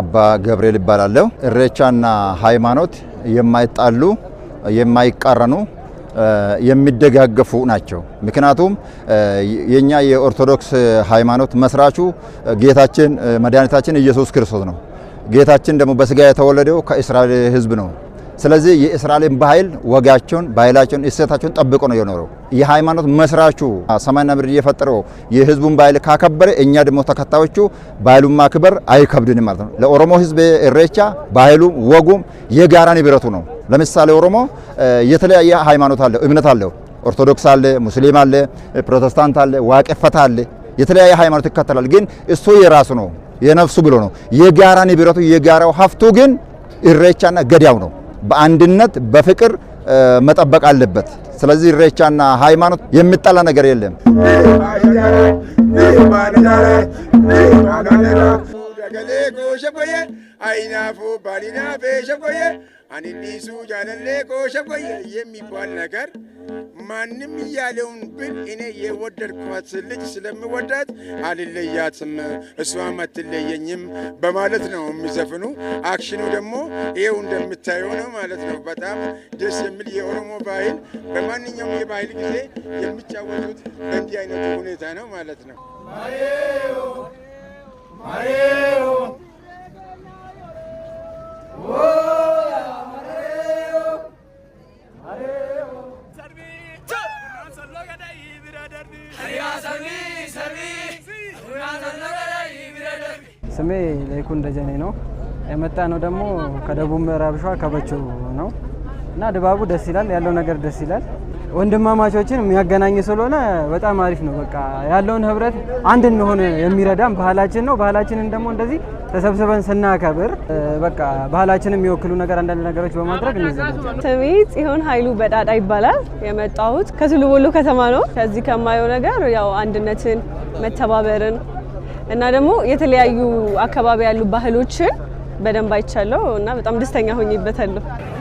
አባ ገብርኤል ይባላለሁ። እሬቻና ሃይማኖት የማይጣሉ የማይቃረኑ የሚደጋገፉ ናቸው። ምክንያቱም የኛ የኦርቶዶክስ ሃይማኖት መስራቹ ጌታችን መድኃኒታችን ኢየሱስ ክርስቶስ ነው። ጌታችን ደግሞ በስጋ የተወለደው ከእስራኤል ሕዝብ ነው። ስለዚህ የእስራኤልን ባህል፣ ወጋቸውን፣ ባህላቸውን፣ እሴታቸውን ጠብቆ ነው የኖረው። የሃይማኖት መስራቹ ሰማይና ምድር የፈጠረው የህዝቡን ባህል ካከበረ እኛ ደግሞ ተከታዮቹ ባህሉን ማክበር አይከብድንም ማለት ነው። ለኦሮሞ ህዝብ እሬቻ ባህሉም ወጉም የጋራ ንብረቱ ነው። ለምሳሌ ኦሮሞ የተለያየ ሃይማኖት አለው፣ እምነት አለው። ኦርቶዶክስ አለ፣ ሙስሊም አለ፣ ፕሮቴስታንት አለ፣ ዋቄፈታ አለ። የተለያየ ሃይማኖት ይከተላል። ግን እሱ የራሱ ነው የነፍሱ ብሎ ነው። የጋራ ንብረቱ የጋራው ሀፍቱ ግን እሬቻና ገዳው ነው። በአንድነት በፍቅር መጠበቅ አለበት። ስለዚህ እሬቻና ሃይማኖት የሚጣላ ነገር የለም። sagalee koo shakoye ayinaafoo baadinaafee shakoye ani dhiisuu jaalallee koo shakoye የሚባል ነገር ማንም እያለውን ብል እኔ የወደድኳት ልጅ ስለምወዳት አልለያትም፣ እሷም አትለየኝም በማለት ነው የሚዘፍኑ። አክሽኑ ደግሞ ይኸው እንደምታየው ነው ማለት ነው። በጣም ደስ የሚል የኦሮሞ ባህል በማንኛውም የባህል ጊዜ የሚጫወቱት በእንዲህ አይነቱ ሁኔታ ነው ማለት ነው። ስሜ ለይኩ እንደጀኔ ነው። የመጣ ነው ደግሞ ከደቡብ ምዕራብ ሸዋ ከበቾ ነው እና ድባቡ ደስ ይላል፣ ያለው ነገር ደስ ይላል። ወንድማማቾችን የሚያገናኝ ስለሆነ በጣም አሪፍ ነው። በቃ ያለውን ህብረት አንድ እንሆን የሚረዳን ባህላችን ነው። ባህላችንን ደግሞ እንደዚህ ተሰብስበን ስናከብር በቃ ባህላችን የሚወክሉ ነገር አንዳንድ ነገሮች በማድረግ እንዘጋጃለን። ስሜ ጽዮን ኃይሉ ይባላል። የመጣሁት ከቱሉ ቦሎ ከተማ ነው። ከዚህ ከማየው ነገር ያው አንድነትን፣ መተባበርን እና ደግሞ የተለያዩ አካባቢ ያሉ ባህሎችን በደንብ አይቻለሁ እና በጣም ደስተኛ ሆኜበታለሁ።